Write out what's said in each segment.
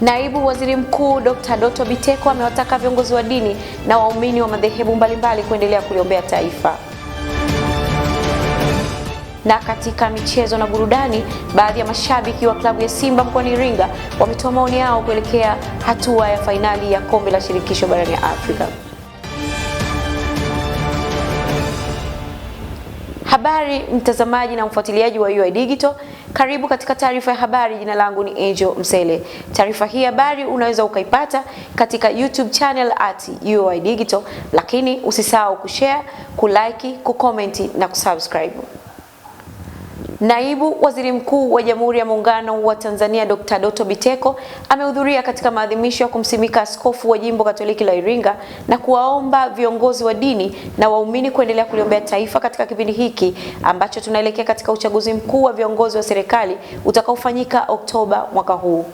Naibu Waziri Mkuu Dr. Doto Biteko amewataka viongozi wa dini na waumini wa madhehebu mbalimbali kuendelea kuliombea taifa. Na katika michezo na burudani, baadhi ya mashabiki wa klabu ya Simba mkoani Iringa wametoa maoni yao kuelekea hatua ya fainali ya kombe la shirikisho barani Afrika. Habari mtazamaji na mfuatiliaji wa UoI Digital. Karibu katika taarifa ya habari. Jina langu ni Angel Msele. Taarifa hii habari unaweza ukaipata katika YouTube channel at UoI Digital, lakini usisahau kushare, kulike, kukomenti na kusubscribe. Naibu Waziri Mkuu wa Jamhuri ya Muungano wa Tanzania Dr. Doto Biteko amehudhuria katika maadhimisho ya kumsimika askofu wa Jimbo Katoliki la Iringa na kuwaomba viongozi wa dini na waumini kuendelea kuliombea taifa katika kipindi hiki ambacho tunaelekea katika uchaguzi mkuu wa viongozi wa serikali utakaofanyika Oktoba mwaka huu.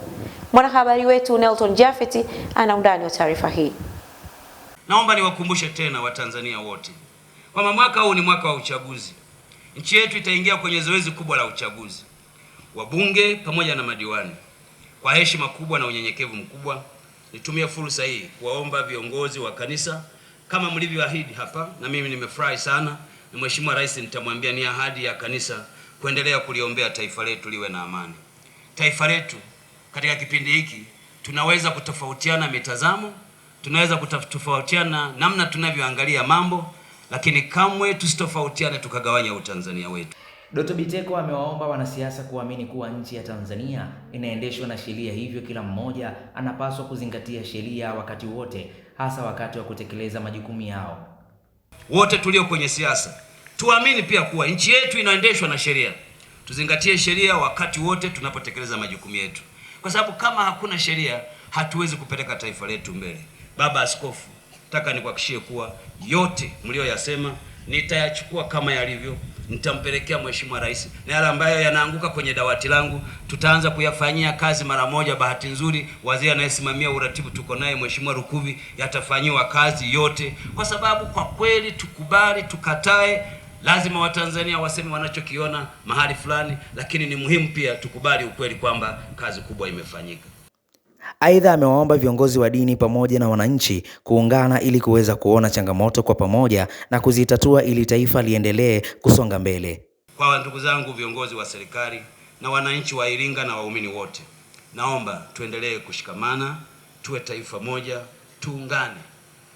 Mwanahabari wetu Nelton Jafeti ana undani wa taarifa hii. Naomba niwakumbushe tena Watanzania wote kwamba mwaka huu ni mwaka wa uchaguzi nchi yetu itaingia kwenye zoezi kubwa la uchaguzi wabunge pamoja na madiwani. Kwa heshima kubwa na unyenyekevu mkubwa, nitumie fursa hii kuwaomba viongozi wa kanisa kama mlivyoahidi hapa, na mimi nimefurahi sana, na Mheshimiwa Rais nitamwambia ni ahadi ya kanisa kuendelea kuliombea taifa letu liwe na amani. Taifa letu katika kipindi hiki tunaweza kutofautiana mitazamo, tunaweza kutofautiana namna tunavyoangalia mambo lakini kamwe tusitofautiane tukagawanya utanzania wetu. Dr. Biteko amewaomba wanasiasa kuamini kuwa nchi ya Tanzania inaendeshwa na sheria, hivyo kila mmoja anapaswa kuzingatia sheria wakati wote, hasa wakati wa kutekeleza majukumu yao. Wote tulio kwenye siasa tuamini pia kuwa nchi yetu inaendeshwa na sheria. Tuzingatie sheria wakati wote tunapotekeleza majukumu yetu, kwa sababu kama hakuna sheria hatuwezi kupeleka taifa letu mbele. Baba Askofu nataka nikuhakishie kuwa yote mlioyasema nitayachukua kama yalivyo, nitampelekea Mheshimiwa Rais, na yale ambayo yanaanguka kwenye dawati langu tutaanza kuyafanyia kazi mara moja. Bahati nzuri waziri anayesimamia uratibu tuko naye Mheshimiwa Rukuvi, yatafanyiwa kazi yote, kwa sababu kwa kweli, tukubali tukatae, lazima Watanzania waseme wanachokiona mahali fulani, lakini ni muhimu pia tukubali ukweli kwamba kazi kubwa imefanyika. Aidha, amewaomba viongozi wa dini pamoja na wananchi kuungana ili kuweza kuona changamoto kwa pamoja na kuzitatua ili taifa liendelee kusonga mbele. Kwa ndugu zangu viongozi wa serikali na wananchi wa Iringa na waumini wote, naomba tuendelee kushikamana, tuwe taifa moja, tuungane,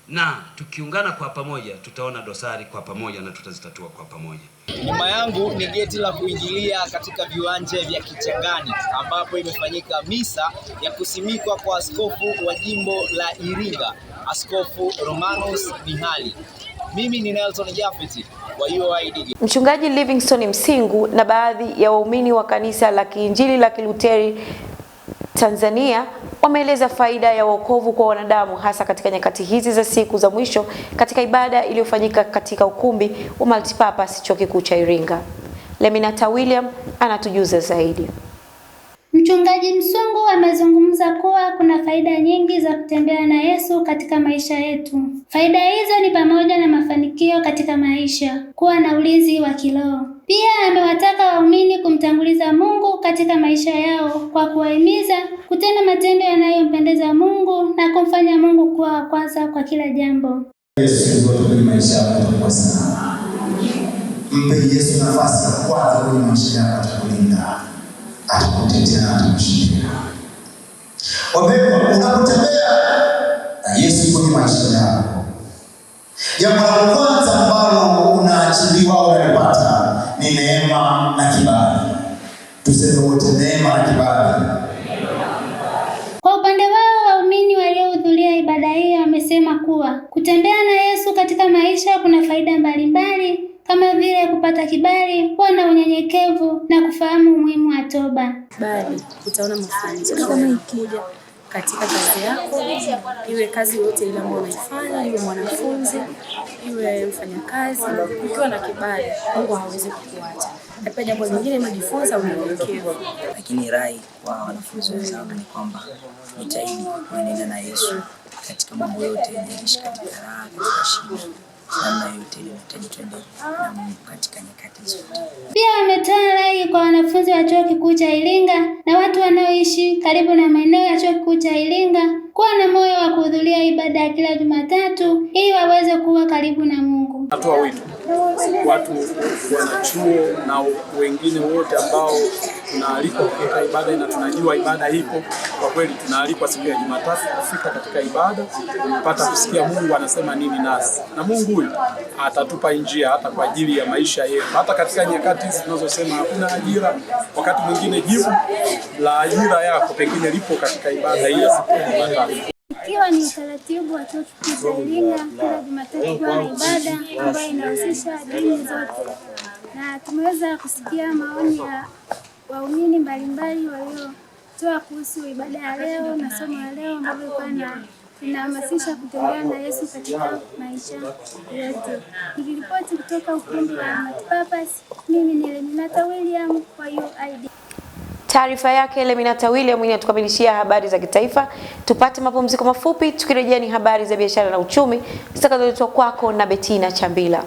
na tukiungana kwa pamoja tutaona dosari kwa pamoja na tutazitatua kwa pamoja. Nyuma yangu ni geti la kuingilia katika viwanja vya Kichangani ambapo imefanyika misa ya kusimikwa kwa askofu wa jimbo la Iringa, Askofu Romanus Mihali. Mimi ni Nelson Jafeti wa UoI. Mchungaji Livingstone Msingu na baadhi ya waumini wa kanisa la Kiinjili la Kiluteri Tanzania wameeleza faida ya wokovu kwa wanadamu hasa katika nyakati hizi za siku za mwisho katika ibada iliyofanyika katika ukumbi wa Multipurpose Chuo Kikuu cha Iringa. Leminata William anatujuza zaidi. Mchungaji Msungu amezungumza kuwa kuna faida nyingi za kutembea na Yesu katika maisha yetu. Faida hizo ni pamoja na mafanikio katika maisha, kuwa na ulinzi wa kiroho pia amewataka waumini kumtanguliza Mungu katika maisha yao kwa kuwahimiza kutenda matendo yanayompendeza Mungu na kumfanya Mungu kuwa wa kwanza kwa kila jambo. Yesu kwenye maisha yako Mpe Yesu nafasi ya kwanza kwenye maisha yako, atakulinda, atakutetea, na atakushindia. Wapendwa, unapotembea na Yesu kwenye maisha yako, jambo la kwanza ambalo unaachiliwa au unalipata ni neema na kibali. Tuseme wote, neema na kibali. Kwa upande wao, waumini waliohudhuria ibada hiyo wamesema kuwa kutembea na Yesu katika maisha kuna faida mbalimbali kama vile kupata kibali, kuwa na unyenyekevu na kufahamu umuhimu wa toba. Bali utaona mafanikio kama ikija katika kazi yako, iwe kazi yoyote ile ambayo unaifanya, iwe mwanafunzi, iwe mfanyakazi, ukiwa na kibali, Mungu hawezi kukuacha. Na pia jambo lingine majifunza unyenyekevu. Lakini rai kwa wanafunzi wenzangu ni kwamba nitaidi kuenenda na Yesu katika mambo yote, naishi katika raha, katika shida namna yote ile inahitaji twende katika nyakati zote. Pia wametoa rai kwa wanafunzi wa Chuo Kikuu cha Iringa na watu wanaoishi karibu na maeneo ya Chuo Kikuu cha Iringa kuwa na moyo wa kuhudhuria ibada ya kila Jumatatu ili waweze kuwa karibu na Mungu. Natoa wito watu wanachuo na wengine wote ambao tunaalikwa katika ibada na tunajua ibada ipo, kwa kweli tunaalikwa siku ya Jumatatu kufika katika ibada kupata kusikia Mungu anasema nini nasi, na Mungu huyu atatupa njia hata kwa ajili ya maisha yetu, hata katika nyakati hizi tunazosema hakuna ajira. Wakati mwingine jibu la ajira yako pengine lipo katika ibada ya siku ya Jumatatu ikiwa ni utaratibu wa chuo kikuu kila Jumatatu kuwa na ibada ambayo inahusisha dini zote, na tumeweza kusikia maoni ya waumini mbalimbali waliotoa kuhusu ibada ya leo na somo la leo ambavyo pana inahamasisha kutembea na Yesu katika maisha yetu. Nikiripoti kutoka ukumbi wa Matpapas, mimi ni Leminata William kwa UID. Taarifa yake Leminata William inatukamilishia habari za kitaifa. Tupate mapumziko mafupi, tukirejea ni habari za biashara na uchumi zitakazoletwa kwako na Betina Chambila.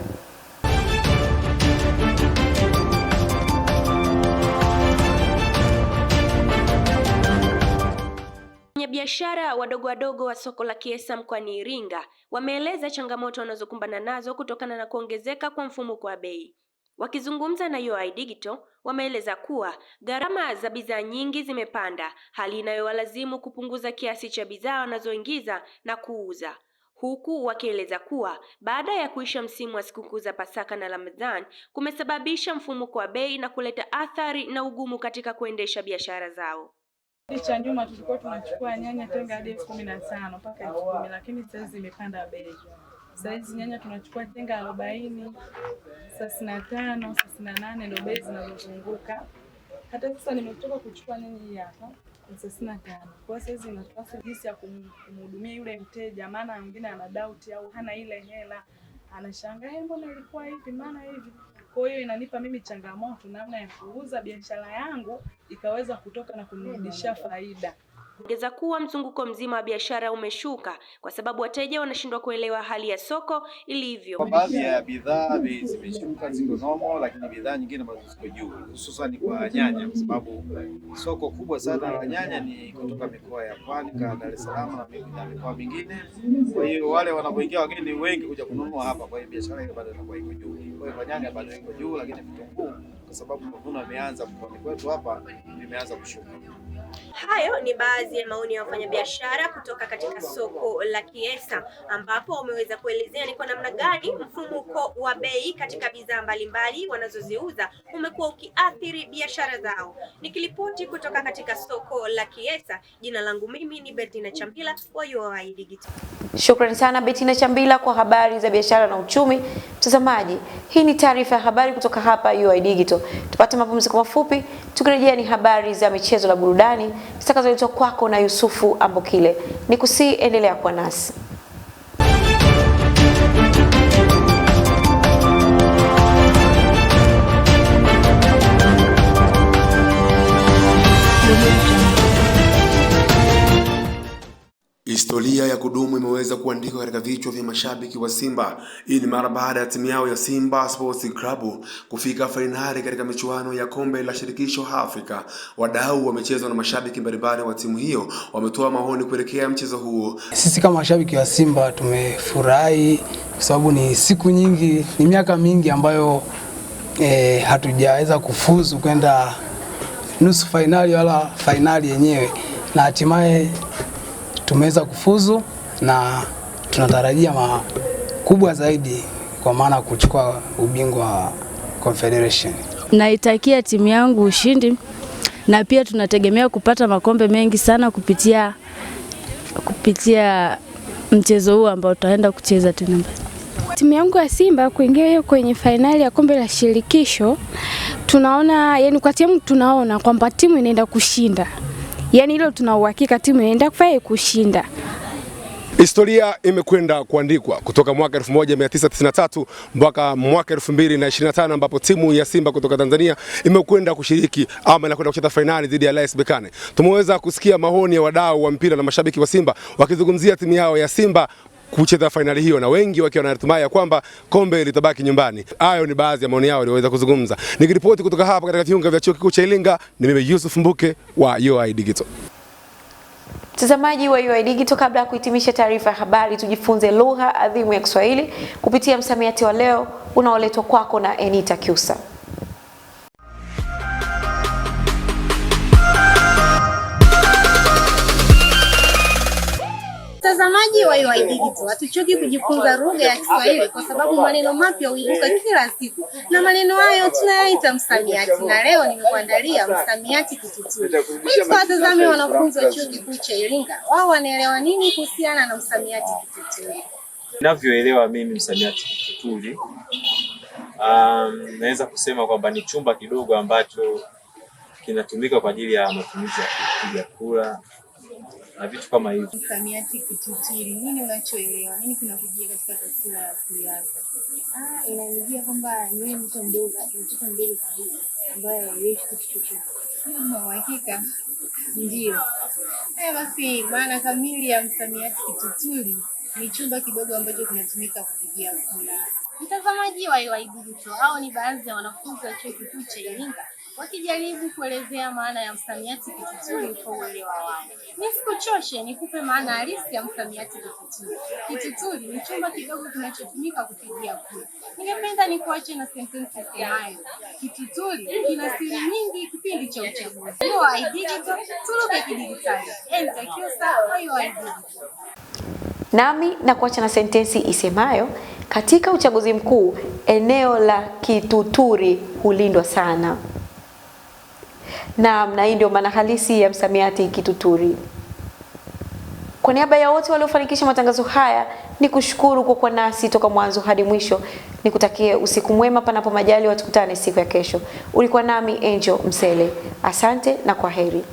Biashara wadogo wadogo wa soko la Kiesa mkoani Iringa wameeleza changamoto wanazokumbana nazo kutokana na kuongezeka kwa mfumuko wa bei. Wakizungumza na UoI Digital Wameeleza kuwa gharama za bidhaa nyingi zimepanda, hali inayowalazimu kupunguza kiasi cha bidhaa wanazoingiza na kuuza, huku wakieleza kuwa baada ya kuisha msimu wa sikukuu za Pasaka na Ramadhan kumesababisha mfumuko wa bei na kuleta athari na ugumu katika kuendesha biashara zao. cha nyuma tulikuwa tunachukua nyanya tenga hadi elfu kumi na tano mpaka elfu kumi lakini sasa zimepanda bei. Saizi nyanya tunachukua tenga arobaini, thelathini na tano, thelathini na nane ndio bei zinazozunguka. Hata sasa nimetoka kuchukua nyanya hii hapa thelathini na tano. Kwa hiyo saizi inatasa jinsi ya kumhudumia yule mteja, maana mwingine ana doubt au hana ile hela, anashangaa eh, mbona ilikuwa hivi, maana hivi. Kwa hiyo inanipa mimi changamoto namna ya kuuza biashara yangu ikaweza kutoka na kunirudishia faida ongeza kuwa mzunguko mzima wa biashara umeshuka kwa sababu wateja wanashindwa kuelewa hali ya soko ilivyo. Kwa baadhi ya bidhaa bei zimeshuka, ziko nomo, lakini bidhaa nyingine ambazo ziko juu, hususani kwa nyanya, kwa sababu soko kubwa sana la nyanya ni kutoka mikoa ya Pwani ka Dar es Salaam na mikoa mingine. Kwa hiyo wale wanapoingia wageni wengi kuja kununua hapa, kwa hiyo biashara ile bado inakuwa iko juu. Kwa hiyo nyanya bado iko juu, lakini vitunguu kwa sababu mavuno yameanza mkoani kwetu hapa, vimeanza kushuka. Hayo ni baadhi ya maoni ya wafanyabiashara kutoka katika soko la Kiesa ambapo wameweza kuelezea ni kwa namna gani mfumuko wa bei katika bidhaa mbalimbali wanazoziuza umekuwa ukiathiri biashara zao. Nikilipoti kutoka katika soko la Kiesa, jina langu mimi ni Bettina Chambila wa UoI Digital. Shukrani sana Bettina Chambila kwa habari za biashara na uchumi. Mtazamaji, hii ni taarifa ya habari kutoka hapa UoI Digital. Tupate mapumziko mafupi, tukirejea ni habari za michezo na burudani zitakazoletwa kwako na Yusufu Ambokile. Nikusihi endelea kuwa nasi. Historia ya kudumu imeweza kuandikwa katika vichwa vya mashabiki wa Simba. Hii ni mara baada ya timu yao ya Simba Sports Club kufika fainali katika michuano ya kombe la shirikisho Afrika. Wadau wa michezo na mashabiki mbalimbali wa timu hiyo wametoa maoni kuelekea mchezo huo. Sisi kama mashabiki wa Simba tumefurahi kwa sababu ni siku nyingi, ni miaka mingi ambayo eh, hatujaweza kufuzu kwenda nusu fainali wala fainali yenyewe na hatimaye tumeweza kufuzu na tunatarajia makubwa zaidi, kwa maana kuchukua ubingwa wa Confederation. Naitakia timu yangu ushindi na pia tunategemea kupata makombe mengi sana kupitia, kupitia mchezo huu ambao tutaenda kucheza tena Timu yangu ya Simba kuingia hiyo kwenye fainali ya kombe la shirikisho, tunaona yani, kwa timu tunaona kwamba timu inaenda kushinda yani hilo tuna uhakika timu inaenda kufanya kushinda. Historia imekwenda kuandikwa kutoka mwaka 1993 mpaka mwaka 2025 ambapo timu ya Simba kutoka Tanzania imekwenda kushiriki ama inakwenda kucheza fainali dhidi ya RS Berkane. Tumeweza kusikia maoni ya wadau wa mpira na mashabiki wa Simba wakizungumzia timu yao ya Simba kucheza fainali hiyo, na wengi wakiwa wanatumai ya kwamba kombe litabaki nyumbani. Hayo ni baadhi ya maoni yao walioweza kuzungumza. Nikiripoti kutoka hapa katika viunga vya chuo kikuu cha Iringa, ni mimi Yusuf Mbuke wa UoI Digital. Mtazamaji wa UoI Digital, kabla ya kuhitimisha taarifa ya habari, tujifunze lugha adhimu ya Kiswahili kupitia msamiati wa leo unaoletwa kwako na Enita Kiusa. hiyo wa tu Hatuchoki kujifunza lugha ya Kiswahili kwa sababu maneno mapya huibuka kila siku, na maneno hayo tunayaita msamiati, na leo nimekuandalia msamiati kititiri. Ili tuwatazame wanafunzi wa Chuo Kikuu cha Iringa wao wanaelewa nini kuhusiana na msamiati kitutuli Ninavyoelewa mimi msamiati kitutuli um, naweza kusema kwamba ni chumba kidogo ambacho kinatumika kwa ajili ya matumizi ya kupiga kura na vitu kama hivyo. Msamiati kititiri, nini unachoelewa? Nini kinakujia katika taswira ya akili yako? Ah, inanijia kwamba ni mtu mdogo, mtoto mdogo kabisa ambaye haelewi kitu chochote. Hakika ndio. Eh, basi maana kamili ya msamiati kititiri ni chumba kidogo ambacho kinatumika kupigia kura. Mtazamaji wa UoI Digital, hao ni baadhi ya wanafunzi wa Chuo Kikuu cha Iringa wakijaribu kuelezea maana ya msamiati kitutuni kwa uelewa wao. Nisikuchoshe, nikupe maana halisi ya msamiati kitutuni. Kitutuni ni chumba kidogo kinachotumika kupigia kura. Ningependa nikuache na sentensi semayo kitutuni kina siri nyingi kipindi cha uchaguzi. Digital, kwa kidigitali. Tuloge kidijitali. Nami na kuacha na sentensi isemayo katika uchaguzi mkuu eneo la Kituturi hulindwa sana. Naam, na hii ndio maana halisi ya msamiati kituturi. Kwa niaba ya wote waliofanikisha matangazo haya, ni kushukuru kwa kuwa nasi toka mwanzo hadi mwisho. Nikutakie usiku mwema, panapo majali watukutane siku ya kesho. Ulikuwa nami Angel Msele, asante na kwa heri.